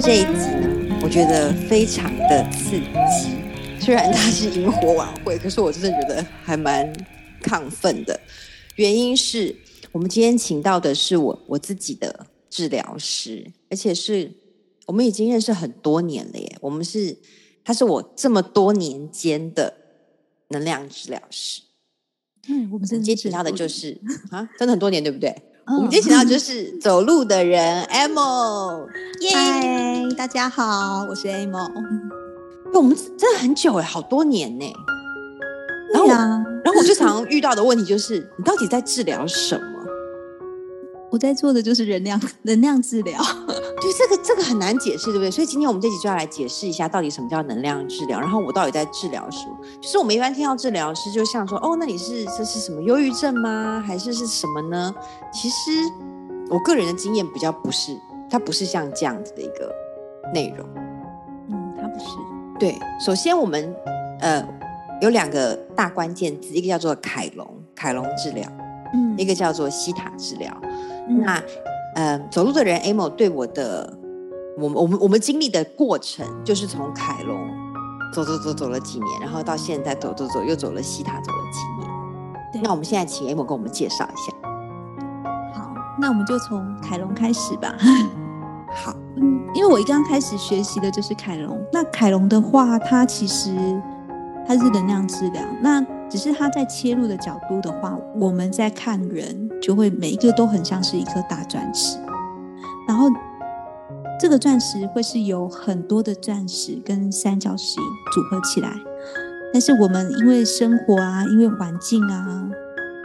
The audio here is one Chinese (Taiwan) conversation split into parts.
這一集呢，我覺得非常的刺激，雖然它是營火晚會，可是我真的覺得還蠻亢奮的。原因是我們今天請到的是我我自己的治療師，而且是我們已經認識很多年了耶。我們是他是我這麼多年間的能量治療師，嗯，我們今天請到的就是啊，真的很多年，對不對？Oh, 我們今天請到就是走路的人，Amo，嗨，yeah、Hi, 大家好，我是 Amo。嗯、我們真的很久哎，好多年呢、啊。然後，然後我最常遇到的問題就是，你到底在治療什麼？我在做的就是能量能量治療。這個這個很難解釋，對不對？所以今天我們這集就要來解釋一下，到底什麼叫能量治療，然後我到底在治療什麼？就是我們一般聽到治療師，就像說哦，那你是這是什麼憂鬱症嗎？還是是什麼呢？其實我個人的經驗比較不是，它不是像這樣子的一個內容。嗯，它不是。對，首先我們呃有兩個大關鍵字，一個叫做凱龍，凱龍治療，嗯，一個叫做希塔治療，嗯、那。嗯嗯，走路的人 Amo 對我的，我我們我們經歷的過程，就是從凱龍走走走走了幾年，然後到現在走走走又走了希塔走了幾年。對，那我們現在請 Amo 跟我們介紹一下。好，那我們就從凱龍開始吧。 好，嗯，因為我一剛開始學習的就是凱龍。那凱龍的話，它其實它是能量治療。那只是它在切入的角度的話，我們在看人就會每一個都很像是一顆大鑽石，然後這個鑽石會是有很多的鑽石跟三角形組合起來，但是我們因為生活啊，因為環境啊，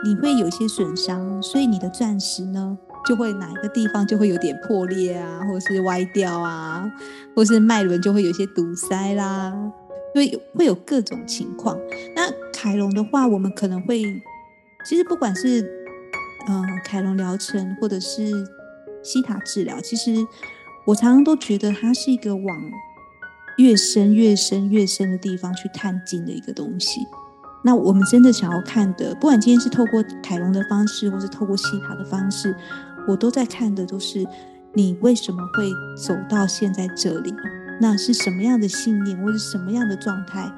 你會有一些損傷，所以你的鑽石呢就會哪一個地方就會有點破裂啊，或是歪掉啊，或是脈輪就會有些堵塞啦。所以會有各種情況。那凱龍的話，我們可能會，其實不管是嗯、呃、凱龍療程，或者是希塔治療，其實我常常都覺得它是一個往越深越深越深的地方去探進的一個東西。那我們真的想要看的，不管今天是透過凱龍的方式，或是透過希塔的方式，我都在看的都是你為什麼會走到現在這裡。那是什麼樣的信念，或者什麼樣的狀態，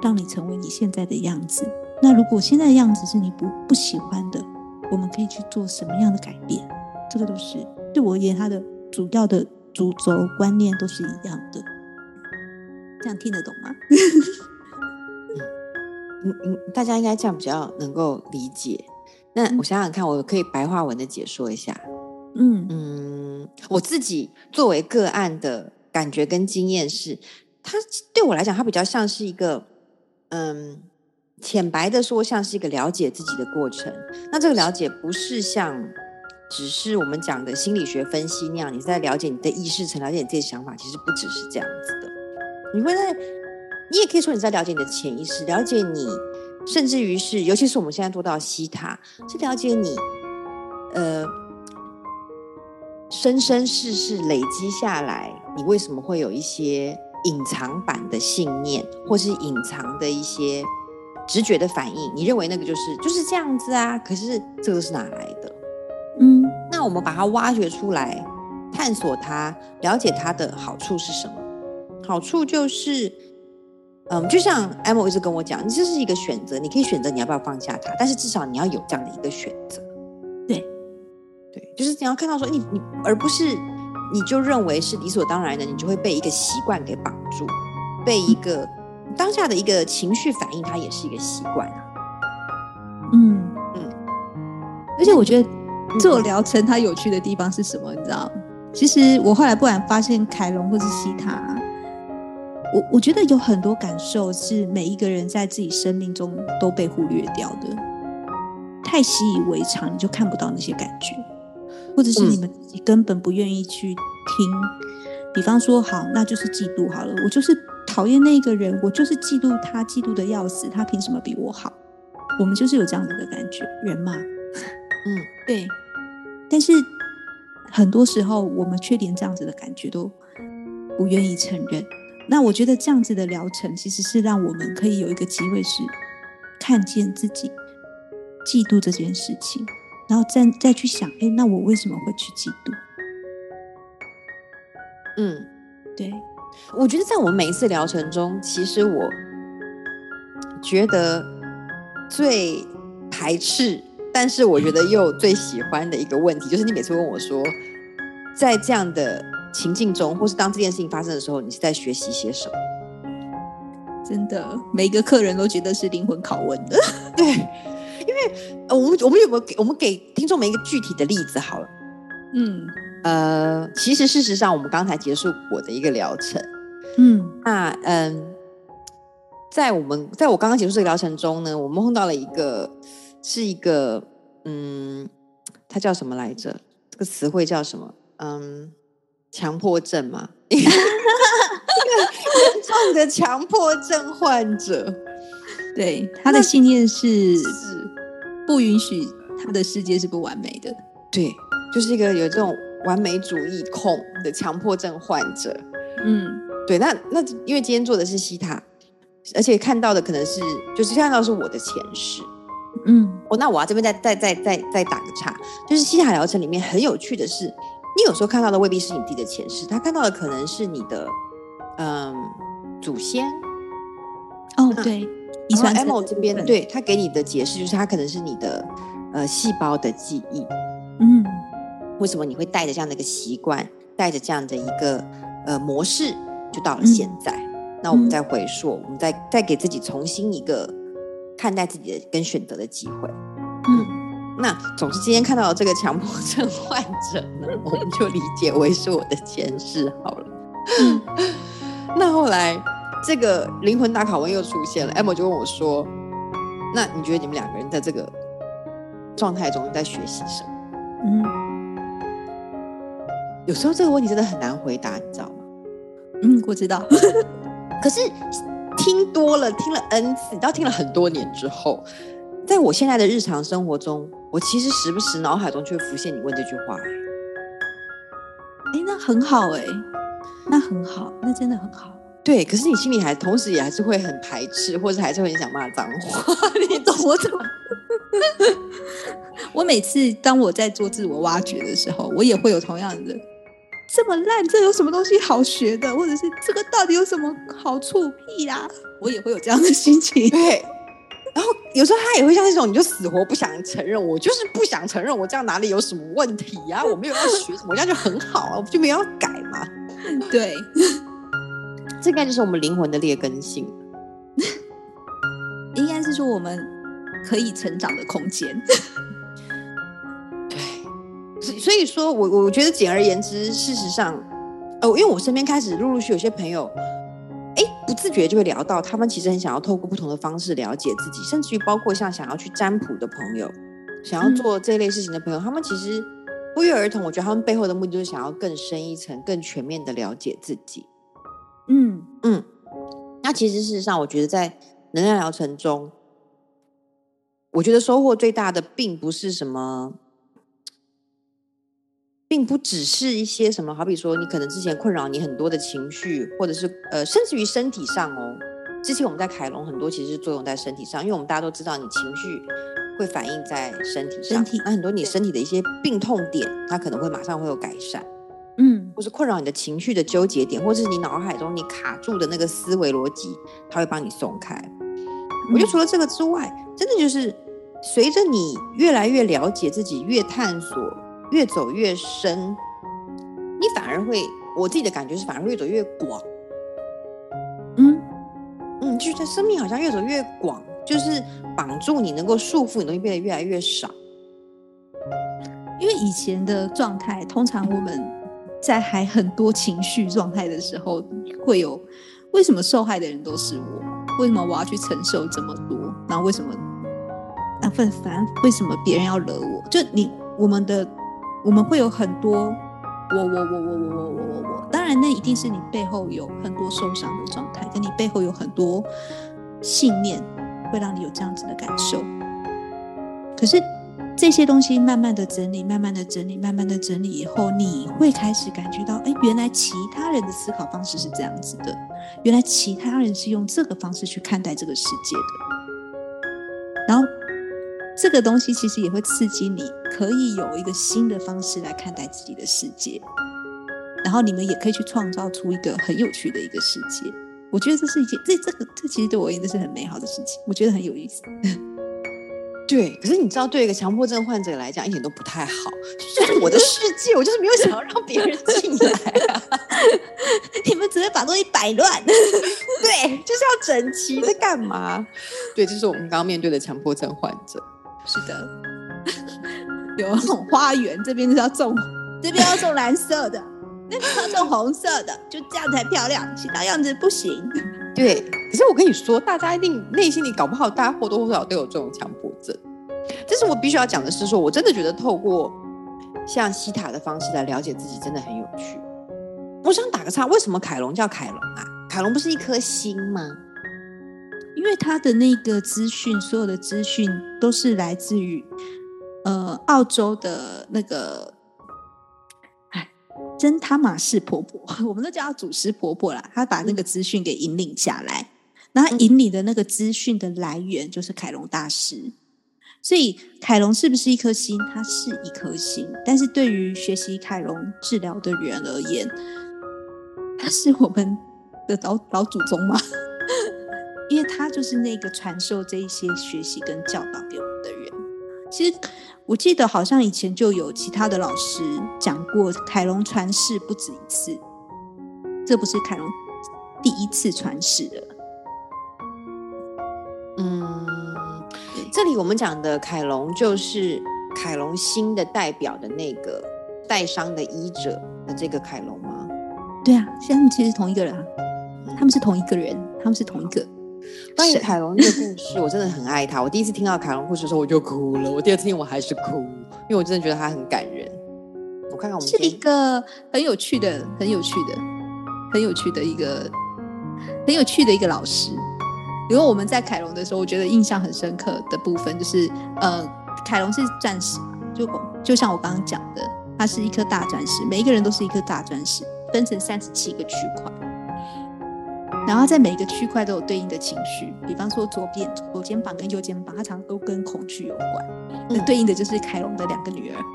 讓你成為你現在的樣子？那如果現在的樣子是你不不喜歡的，我們可以去做什麼樣的改變？這個都是對我而言，它的主要的主軸觀念都是一樣的。這樣聽得懂嗎？ 嗯嗯，大家應該這樣比較能夠理解。那我想想看，我可以白話文的解說一下。嗯嗯，我自己作為個案的。感覺跟經驗是，它對我來講，它比較像是一個，嗯，淺白的說，像是一個了解自己的過程。那這個了解不是像，只是我們講的心理學分析那樣，你在了解你的意識層，了解你自己的想法，其實不只是這樣子的。你會在，你也可以說你在了解你的潛意識，了解你，甚至於是，尤其是我們現在做到希塔，是了解你，呃。生生世世累積下來，你為什麼會有一些隱藏版的信念，或是隱藏的一些直覺的反應？你認為那個就是就是這樣子啊？可是這個是哪來的？嗯，那我們把它挖掘出來，探索它，了解它的好處是什麼？好處就是，嗯，就像 Amo 一直跟我講，你這是一個選擇，你可以選擇你要不要放下它，但是至少你要有這樣的一個選擇。對，就是你要看到說你你，而不是你就認為是理所當然的，你就會被一個習慣給綁住，被一個、嗯、當下的一個情緒反應，它也是一個習慣、啊、嗯嗯。而且我覺得、嗯、做療程它有趣的地方是什麼？嗯、你知道其實我後來不然發現凱龍或是希塔，我我覺得有很多感受是每一個人在自己生命中都被忽略掉的，太習以為常，你就看不到那些感覺。或者是你們自己根本不願意去聽，嗯、比方說好，那就是嫉妒好了。我就是討厭那個人，我就是嫉妒他，嫉妒得要死。他憑什麼比我好？我們就是有這樣子的感覺，人嘛。嗯，對。但是很多時候，我們卻連這樣子的感覺都不願意承認。那我覺得這樣子的療程，其實是讓我們可以有一個機會，是看見自己嫉妒這件事情。然後再再去想，哎、欸，那我為什麼會去嫉妒？嗯，對。我覺得在我們每一次療程中，其實我覺得最排斥，但是我覺得又最喜歡的一個問題，就是你每次問我說，在這樣的情境中，或是當這件事情發生的時候，你是在學習些什麼？真的，每一個客人都覺得是靈魂拷問的， 對。因為，呃、我們我們有沒有給我們給聽眾們一個具體的例子好了？嗯，呃，其實事實上，我們剛才結束我的一個療程。嗯，那嗯、呃，在我們在我剛剛結束這個療程中呢，我們碰到了一個是一個嗯，他叫什麼來着？這個詞彙叫什麼？嗯，強迫症嘛。一個嚴重的強迫症患者，對，他的信念是。不允許他的世界是不完美的，對，就是一個有這種完美主義控的強迫症患者。嗯，對，那那因為今天做的是希塔，而且看到的可能是就是看到是我的前世。嗯，哦、oh,，那我要這邊再再再再再打個岔，就是希塔療程裡面很有趣的是，你有時候看到的未必是你自己的前世，他看到的可能是你的嗯祖先。哦、oh, 啊，對。然後 M 這邊、嗯、對他給你的解釋就是，他可能是你的呃細胞的記憶。嗯，為什麼你會帶着這樣的一個習慣，帶着這樣的一個呃模式，就到了現在？嗯、那我們再回溯，嗯、我們再再給自己重新一個看待自己的跟選擇的機會嗯。嗯，那總之今天看到這個強迫症患者呢， 我們就理解為是我的前世好了。嗯、 那後來。這個靈魂拷問，又出現了，Emma 就問我說：“那你覺得你們兩個人在這個狀態中在學習什麼？”嗯，有時候這個問題真的很難回答，你知道嗎？嗯，我知道。 可是聽多了，聽了 N 次，你知道，聽了很多年之後，在我現在的日常生活中，我其實時不時腦海中就會浮現你問這句話。哎、欸，那很好哎、欸，那很好，那真的很好。對，可是你心裡還，同時也還是會很排斥，或者還是會很想罵髒話， 你懂我懂。 我每次當我在做自我挖掘的時候，我也會有同樣的，這麼爛，這有什麼東西好學的？或者是這個到底有什麼好處？屁呀、啊，我也會有這樣的心情。對， 然後有時候他也會像那種，你就死活不想承認我，我就是不想承認，我這樣哪裡有什麼問題呀、啊？我沒有要學什麼， 這樣就很好啊，我就沒有要改嘛。對。這應該就是我們靈魂的劣根性， 應該是說我們可以成長的空間。 對，所以說我我覺得簡而言之，事實上，哦，因為我身邊開始陸陸續有些朋友，哎，不自覺就會聊到，他們其實很想要透過不同的方式了解自己，甚至於包括像想要去占卜的朋友，想要做這類事情的朋友，嗯、他們其實不約而同，我覺得他們背後的目的就是想要更深一層、更全面的了解自己。嗯嗯，那其實事實上，我覺得在能量療程中，我覺得收穫最大的，並不是什麼，並不只是一些什麼。好比說，你可能之前困擾你很多的情緒，或者是呃，甚至於身體上哦。之前我們在凱龍很多其實作用在身體上，因為我們大家都知道，你情緒會反映在身體上。身體，那很多你身體的一些病痛點，它可能會馬上會有改善。嗯。就是困擾你的情緒的糾結點，或者是你腦海中你卡住的那個思維邏輯，它會幫你鬆開。我覺得除了這個之外，嗯、真的就是隨着你越來越了解自己，越探索，越走越深，你反而會，我自己的感覺是，反而越走越廣。嗯嗯，就是在生命好像越走越廣，就是綁住你、能夠束縛你東西變得越來越少。因為以前的狀態，通常我們。在還很多情緒狀態的時候，會有為什麼受害的人都是我？為什麼我要去承受這麼多？然後為什麼那份煩？為什麼別人要惹我？就你，我們的我們會有很多我我我我我我我我我。當然，那一定是你背後有很多受傷的狀態，跟你背後有很多信念，會讓你有這樣子的感受。可是。這些東西慢慢的整理，慢慢的整理，慢慢的整理以後，你會開始感覺到，誒，原來其他人的思考方式是這樣子的，原來其他人是用這個方式去看待這個世界的。然後，這個東西其實也會刺激你，可以有一個新的方式來看待自己的世界。然後你們也可以去創造出一個很有趣的一個世界。我覺得這是一件，這這個這其實對我而言，這是很美好的事情，我覺得很有意思。對，可是你知道，對一個強迫症患者來講，一點都不太好。就，就是我的世界，我就是沒有想要讓別人進來啊。 你們直接把東西擺亂， 對，就是要整齊，在幹嘛？對，這就是我們剛剛面對的強迫症患者。是的，有那種花園，這邊是要種，這邊要種藍色的， 那邊要種紅色的，就這樣才漂亮，其他樣子不行。對，可是我跟你說，大家一定內心裡搞不好，大家或多或少都有這種強迫。但是我必須要講的是，說我真的覺得透過像希塔的方式來了解自己真的很有趣。我想打個岔，為什麼凱龍叫凱龍啊？凱龍不是一顆星嗎？因為他的那個資訊，所有的資訊都是來自於呃澳洲的那個哎真他馬氏婆婆，我們都叫她祖師婆婆啦。她把那個資訊給引領下來，那引領的那個資訊的來源就是凱龍大師。所以凱龍是不是一顆星？它是一顆星，但是對於學習凱龍治療的人而言，他是我們的老老祖宗嗎？因為他就是那個傳授這一些學習跟教導給我們的人。其實我記得好像以前就有其他的老師講過凱龍傳世不止一次，這不是凱龍第一次傳世了。我們講的凱龍就是凱龍星的代表的那個帶傷的醫者的這個凱龍嗎？對啊，現在他們其實同一個人、嗯，他們是同一個人，他們是同一個。關於凱龍的故事，我真的很愛他。我第一次聽到凱龍故事的時候，我就哭了，我第二次聽我還是哭，因為我真的覺得他很感人。我看看，我們是一個很有趣的、很有趣的、很有趣的一個、很有趣的一個老師。因為我們在凱龍的時候，我覺得印象很深刻的部分就是，呃，凱龍是鑽石嘛，就就像我剛剛講的，它，是一顆大鑽石，每一個人都是一顆大鑽石，分成三十七個區塊，然後在每一個區塊都有對應的情緒，比方說左邊左肩膀跟右肩膀，它常常都跟恐懼有關，那、嗯、對應的就是凱龍的兩個女兒。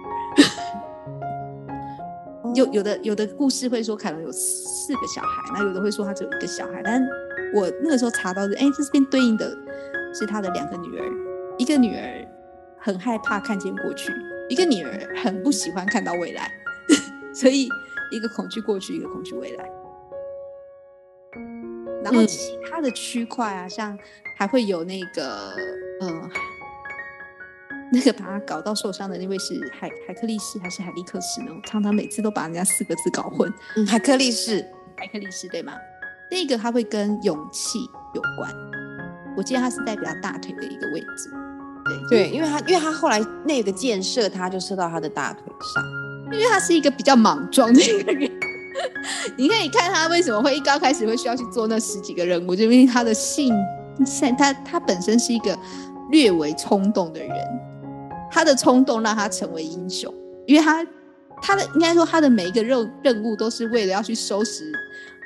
有有的有的故事會說凱龍有四個小孩，那有的會說他只有一個小孩，但。我那個時候查到的，哎、欸，這邊對應的是他的兩個女兒，一個女兒很害怕看見過去，一個女兒很不喜歡看到未來， 所以一個恐懼過去，一個恐懼未來。然後其他的區塊啊，嗯、像還會有那個呃，那個把他搞到受傷的那位是海海克力士還是海利克斯呢？我常常每次都把人家四個字搞混。海克力士，海克力士對嗎？那個他會跟勇氣有關，我記得他是代表大腿的一個位置，對、嗯、對，因為他因為他後來那個箭射，他就射到他的大腿上，因為他是一個比較莽撞的一個人， 你可以看他為什麼會一剛開始會需要去做那十幾個任務就是、因為他的性，他他本身是一個略為衝動的人，他的衝動讓他成為英雄，因為他他的應該說他的每一個任任務都是為了要去收拾。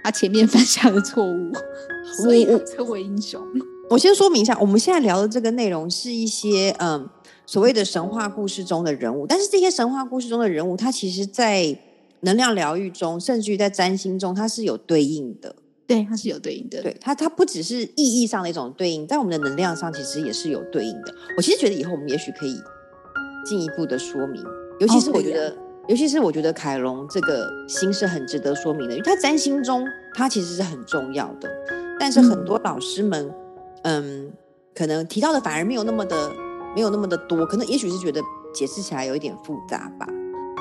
他前面犯下的錯誤， 所以稱為英雄。我，我先說明一下，我們現在聊的這個內容是一些嗯所謂的神話故事中的人物，但是這些神話故事中的人物，他其實，在能量療癒中，甚至於在占星中，他是有對應的。對，他是有對應的。對他，他不只是意義上的一種對應，在我們的能量上，其實也是有對應的。我其實覺得以後我們也許可以進一步的說明，尤其是我覺得。哦尤其是我覺得凱龍這個星是很值得說明的，因為它占星中它其實是很重要的，但是很多老師們嗯，嗯，可能提到的反而沒有那麼的，沒有那麼的多，可能也許是覺得解釋起來有一點複雜吧。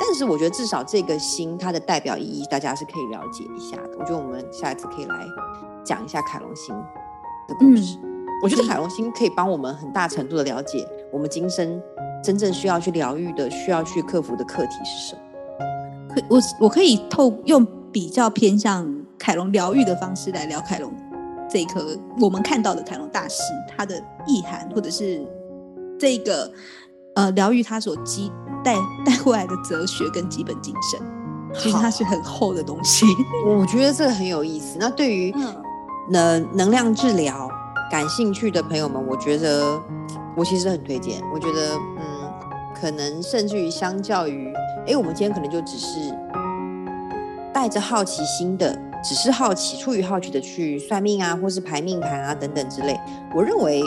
但是我覺得至少這個星它的代表意義大家是可以了解一下的。我覺得我們下一次可以來講一下凱龍星的故事。嗯，我覺得凱龍星可以幫我們很大程度的了解我們今生。真正需要去療癒的、需要去克服的課題是什麼？可我我可以透用比較偏向凱龍療癒的方式來聊凱龍這一顆，我們看到的凱龍大師他的意涵，或者是這個呃療癒他所基帶帶過來的哲學跟基本精神，其實它是很厚的東西。我覺得這個很有意思。那對於、嗯、能能量治療。感興趣的朋友們，我覺得我其實很推薦。我覺得，嗯，可能甚至於相較於，哎、欸，我們今天可能就只是帶着好奇心的，只是好奇，出於好奇的去算命啊，或是排命盤啊等等之類。我認為，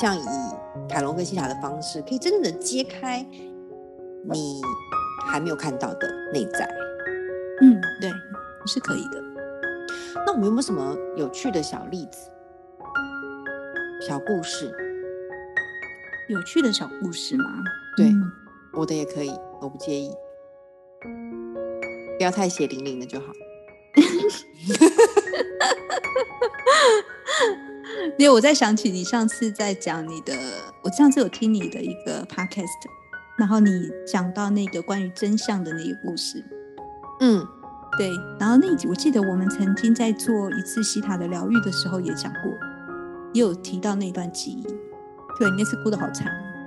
像以凱龍跟希塔的方式，可以真正的揭開你還沒有看到的內在。嗯，對，是可以的。那我們有沒有什麼有趣的小例子？小故事，有趣的小故事嗎？對、嗯，我的也可以，我不介意。不要太血淋淋的就好。因 為 我在想起你上次在講你的，我上次有聽你的一個 podcast，然後你講到那個關於真相的那個故事。嗯，對。然後那我記得我們曾經在做一次希塔的療癒的時候也講過。也有提到那一段記憶，對那次哭的好慘，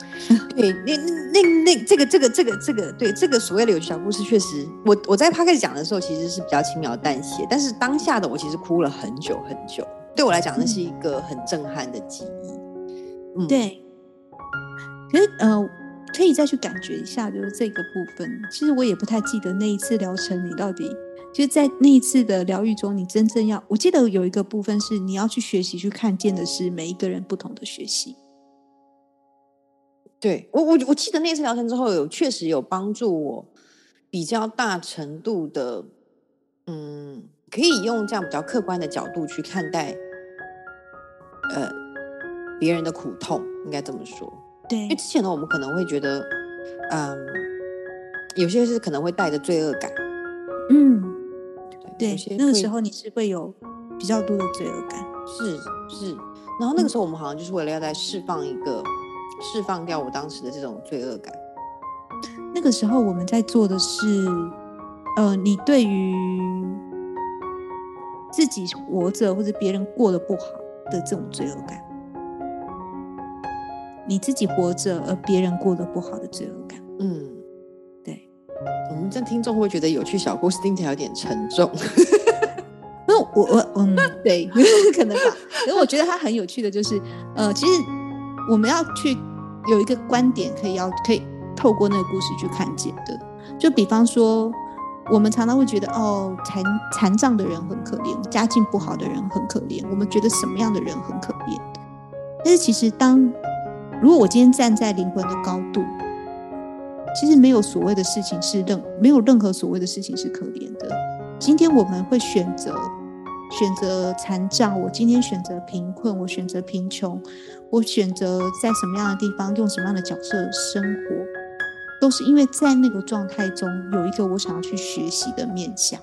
對，那那那這個這個這個這個，對，這個所謂的有趣小故事，確實，我我在他開始講的時候，其實是比較輕描淡寫，但是當下的我其實哭了很久很久，對我來講，那是一個很震撼的記憶，嗯，嗯對，可是呃，可以再去感覺一下，就是這個部分，其實我也不太記得那一次療程你到底。就在那一次的療癒中，你真正要，我記得有一個部分是你要去學習去看見的是每一個人不同的學習。對我，我我記得那次療程之後有，有確實有幫助我比較大程度的，嗯，可以用這樣比較客觀的角度去看待，呃，別人的苦痛，應該這麼說。對，因為之前呢，我們可能會覺得，嗯，有些是可能會帶着罪惡感，嗯。對，那個時候你是會有比較多的罪惡感，是是。然後那個時候我們好像就是為了要再釋放一個，釋放掉我當時的這種罪惡感。那個時候我們在做的是，呃，你對於自己活着或者別人過得不好的這種罪惡感，你自己活着而別人過得不好的罪惡感，嗯。我們這樣，聽眾會覺得有趣，小故事聽起來有點沉重，那 我我嗯對，可能吧。因為我覺得它很有趣的就是，呃，其實我們要去有一個觀點，可以要可以透過那個故事去看見的。就比方說，我們常常會覺得哦，殘殘障的人很可憐，家境不好的人很可憐，我們覺得什麼樣的人很可憐？但是其實當，當如果我今天站在靈魂的高度。其實沒有所謂的事情是任，沒有任何所謂的事情是可憐的。今天我們會選擇選擇殘障，我今天選擇貧困，我選擇貧窮，我選擇在什麼樣的地方，用什麼樣的角色生活，都是因為在那個狀態中有一個我想要去學習的面向。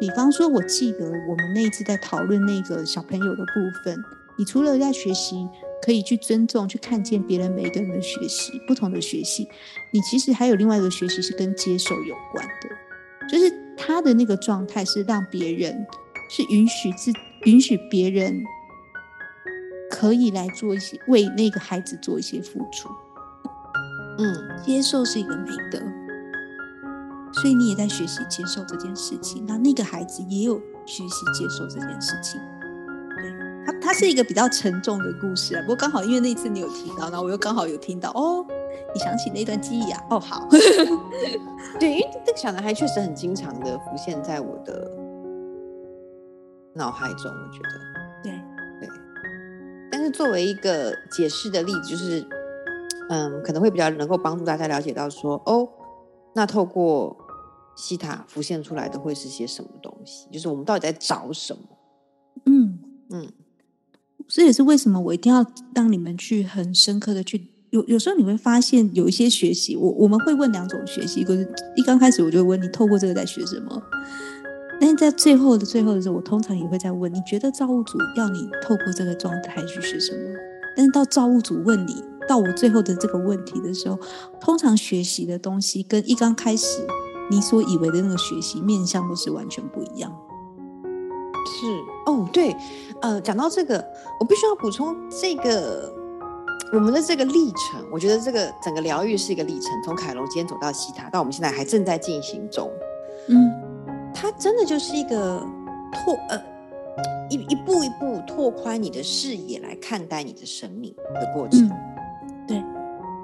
比方說，我記得我們那一次在討論那個小朋友的部分，你除了在學習。可以去尊重，去看見別人每一個人的學習，不同的學習。你其實還有另外一個學習是跟接受有關的，就是他的那個狀態是讓別人，是允許自，允許別人可以來做一些為那個孩子做一些付出。嗯，接受是一個美德，所以你也在學習接受這件事情，那那個孩子也有學習接受這件事情。它是一個比較沉重的故事啊，不過剛好因為那一次你有提到，然後我又剛好有聽到哦，你想起那段記憶啊，哦好， 對，因為這個小男孩確實很經常的浮現在我的腦海中，我覺得，對對，但是作為一個解釋的例子，就是嗯，可能會比較能夠幫助大家了解到說哦，那透過希塔浮現出來的會是些什麼東西，就是我們到底在找什麼，嗯嗯。所以也是為什麼我一定要讓你們去很深刻的去有，有時候你會發現有一些學習，我我們會問兩種學習，一個是一剛開始我就會問你透過這個在學什麼，但是在最後的最後的時候，我通常也會再問你覺得造物主要你透過這個狀態去學什麼？但是到造物主問你到我最後的這個問題的時候，通常學習的東西跟一剛開始你所以為的那個學習面向都是完全不一樣。是哦，對，呃，講到這個，我必須要補充這個我們的這個歷程。我覺得這個整個療癒是一個歷程，從凱龍今天走到希塔，到我們現在還正在進行中。嗯，它真的就是一個拓呃一一步一步拓寬你的視野來看待你的生命的過程。嗯、對，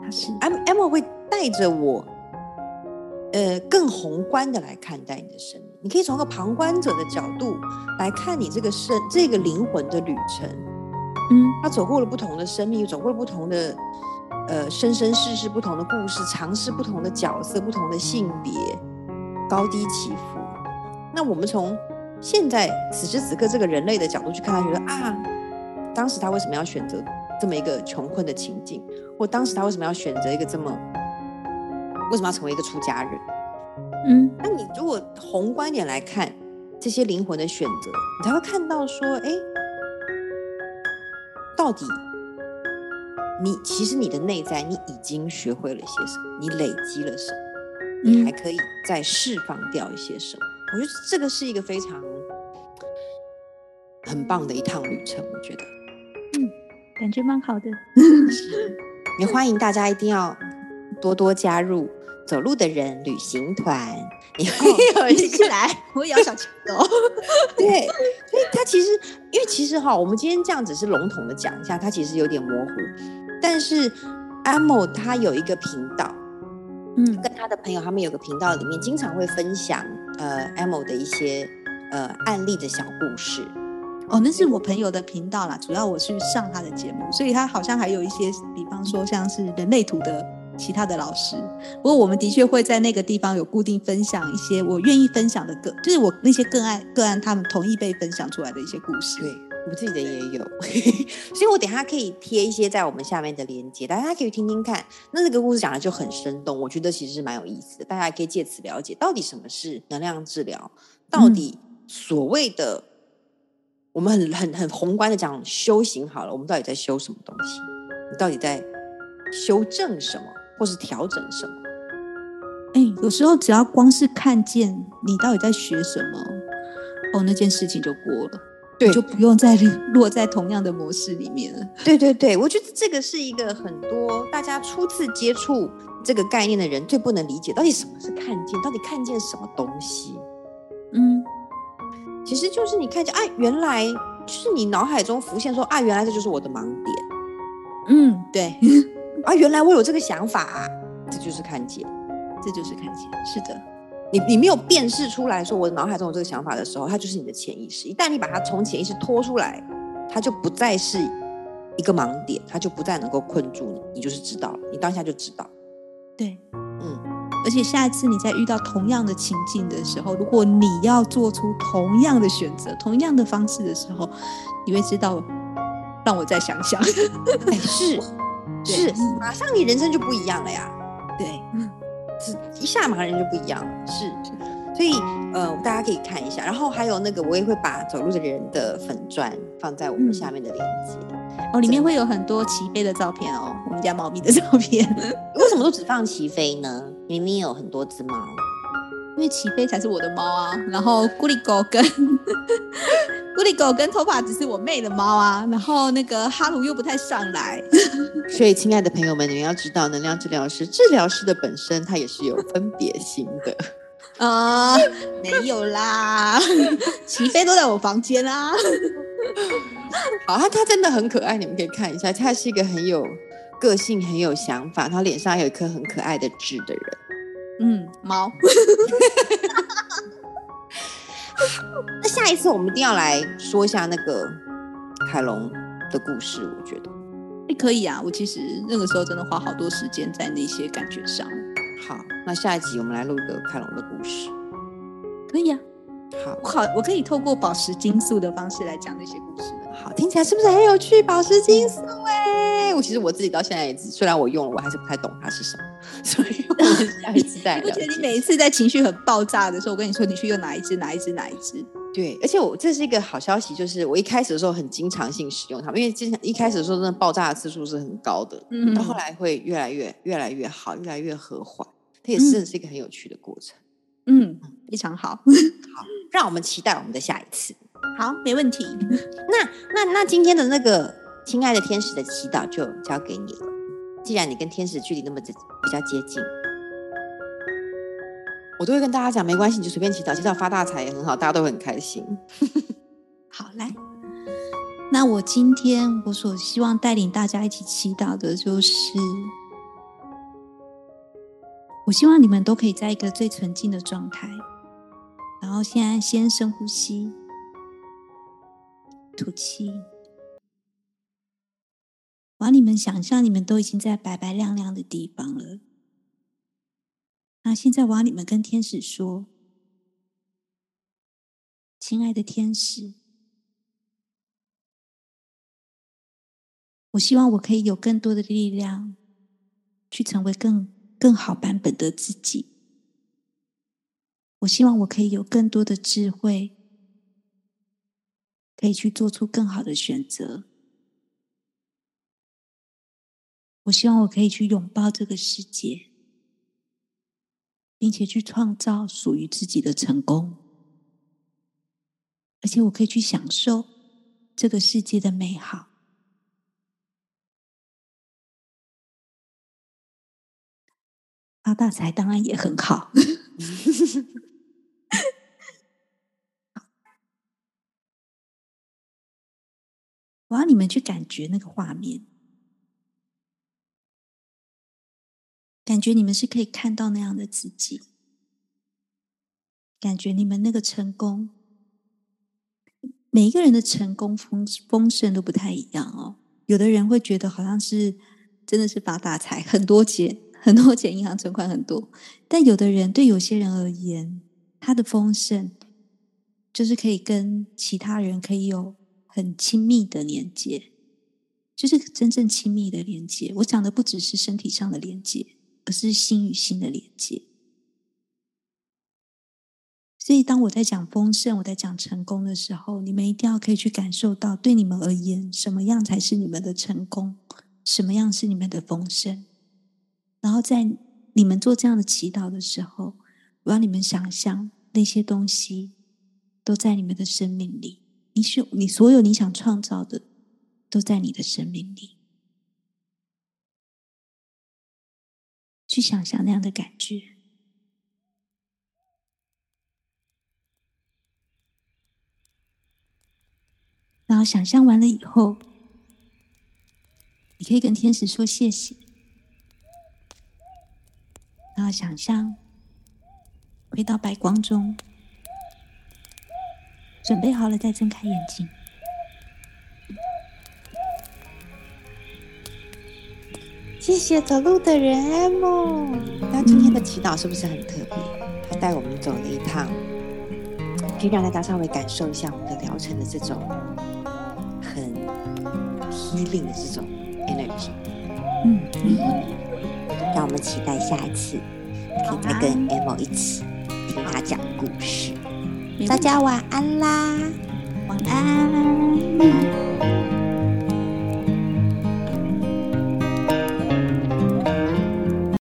它是 Amo 會帶着我呃更宏觀的來看待你的生命。你可以從個旁觀者的角度來看你這個生這個靈魂的旅程，嗯，他走過了不同的生命，又走過了不同的呃生生世世不同的故事，嘗試不同的角色，不同的性別，高低起伏。那我們從現在此時此刻這個人類的角度去看，他覺得啊，當時他為什麼要選擇這麼一個窮困的情境，或當時他為什麼要選擇一個這麼為什麼要成為一個出家人？嗯，那你如果宏觀點來看這些靈魂的選擇，你才會看到說，哎、欸，到底你其實你的內在你已經學會了一些什麼，你累積了什麼，你還可以再釋放掉一些什麼、嗯？我覺得這個是一個非常很棒的一趟旅程。我覺得，嗯，感覺蠻好的。 也歡迎大家一定要多多加入。走路的人旅行團，你、哦、會 有興趣來？我也要小去哦。 對，所以他其實，因為其實哈、哦，我們今天這樣子是籠統的講一下，他其實有點模糊。但是，Amo 他有一個頻道，嗯，跟他的朋友他們有個頻道，裡面經常會分享呃 Amo 的一些呃案例的小故事。哦，那是我朋友的頻道啦，主要我是上他的節目，所以他好像還有一些，比方說像是人類圖的。其他的老師，不過我們的確會在那個地方有固定分享一些我願意分享的個，就是我那些個案個案，他們同意被分享出來的一些故事。對，我自己的也有， 所以我等一下可以貼一些在我們下面的鏈接，大家可以聽聽看。那這個故事講的就很生動，我覺得其實是蠻有意思的，大家也可以借此了解到底什麼是能量治療，到底所謂的、嗯、我們很很很宏觀的講修行好了，我們到底在修什麼東西？你到底在修正什麼？或是調整什麼？誒、欸，有時候只要光是看見你到底在學什麼，哦，那件事情就過了，對，就不用再落在同樣的模式裡面了。對對對，我覺得這個是一個很多大家初次接觸這個概念的人最不能理解，到底什麼是看見，到底看見什麼東西？嗯，其實就是你看見，哎、啊，原來就是你腦海中浮現說，啊，原來這就是我的盲點。嗯，對。 啊，原來我有這個想法啊！這就是看見，這就是看見。是的，你你沒有辨識出來說我腦海中有這個想法的時候，它就是你的潛意識。一旦你把它從潛意識拖出來，它就不再是一個盲點，它就不再能夠困住你。你就是知道了，你當下就知道。對，嗯。而且下一次你在遇到同樣的情境的時候，如果你要做出同樣的選擇、同樣的方式的時候，你會知道。讓我再想想，沒 還是。 是，馬上你人生就不一樣了呀，對，嗯，只一下馬上人就不一樣了，是，是，所以、嗯、呃，大家可以看一下，然後還有那個我也會把走路的人的粉專放在我們下面的鏈接、嗯，哦，裡面會有很多齊飛的照片哦，嗯、我們家貓咪的照片， 為什麼都只放齊飛呢？明明有很多隻貓，因為齊飛才是我的貓啊，然後咕力狗跟。 狐狸狗跟頭髮只是我妹的貓啊，然後那個哈魯又不太上來。 所以，親愛的朋友們，你們要知道，能量治療師、治療師的本身，它也是有分別心的。啊、呃，沒有啦，齊飛都在我房間啊。 好，他他真的很可愛，你們可以看一下，他是一個很有個性、很有想法，他後臉上有一顆很可愛的痣的人。嗯，貓。 下一次我們一定要來說一下那個凱龍的故事。我覺得誒、欸，可以啊。我其實那個時候真的花好多時間在那些感覺上。好，那下一集我們來錄一個凱龍的故事。可以啊。好，我好，我可以透過寶石金素的方式來講那些故事呢。好，聽起來是不是很有趣？寶石金素、欸，誒、嗯，我其實我自己到現在也雖然我用了，我還是不太懂它是什麼。嗯、所以，我下一次再， 我一直在。你不覺得你每一次在情緒很爆炸的時候，我跟你說你去用哪一支、哪一支、哪一支？對，而且我這是一個好消息，就是我一開始的時候很經常性使用它，因為經常一開始的時候真的爆炸的次數是很高的，嗯、到後來會越來越越來越好，越來越和緩，它也是、嗯、是一個很有趣的過程嗯。嗯，非常好，好，讓我們期待我們的下一次。好，沒問題。那那那今天的那個親愛的天使的祈禱就交給你了。既然你跟天使距離那麼接比較接近。我都會跟大家講，沒關係，你就隨便祈禱，祈禱發大財也很好，大家都很開心。 好，來，那我今天我所希望帶領大家一起祈禱的就是，我希望你們都可以在一個最純淨的狀態，然後現在先深呼吸，吐氣，我要你們想象你們都已經在白白亮亮的地方了。那現在，我要你們跟天使說：“親愛的天使，我希望我可以有更多的力量，去成為更更好版本的自己。我希望我可以有更多的智慧，可以去做出更好的選擇。我希望我可以去擁抱這個世界。”並且去創造屬於自己的成功，而且我可以去享受這個世界的美好。發大財當然也很好。 好，我要你們去感覺那個畫面。感覺你們是可以看到那樣的自己，感覺你們那個成功，每一個人的成功豐豐盛都不太一樣哦。有的人會覺得好像是真的是發大財，很多錢，很多錢，銀行存款很多。但有的人，對有些人而言，他的豐盛就是可以跟其他人可以有很親密的連接，就是真正親密的連接。我講的不只是身體上的連接。而是心與心的連接，所以當我在講豐盛，我在講成功的時候，你們一定要可以去感受到，對你們而言，什麼樣才是你們的成功，什麼樣是你們的豐盛。然後在你們做這樣的祈禱的時候，我讓你們想象那些東西都在你們的生命裡，你你所有你想創造的都在你的生命裡。去想象那樣的感覺，然後想象完了以後，你可以跟天使說謝謝。然後想象回到白光中，準備好了再睜開眼睛。謝謝走路的人 Amo。那、嗯、今天的祈禱是不是很特別？他帶我們走了一趟，可以讓大家稍微感受一下我們的療程的這種很 healing 的這種 energy 嗯。嗯，讓我們期待下一次，可以再跟 Amo 一起聽他講故事、嗯。大家晚安啦，晚安。嗯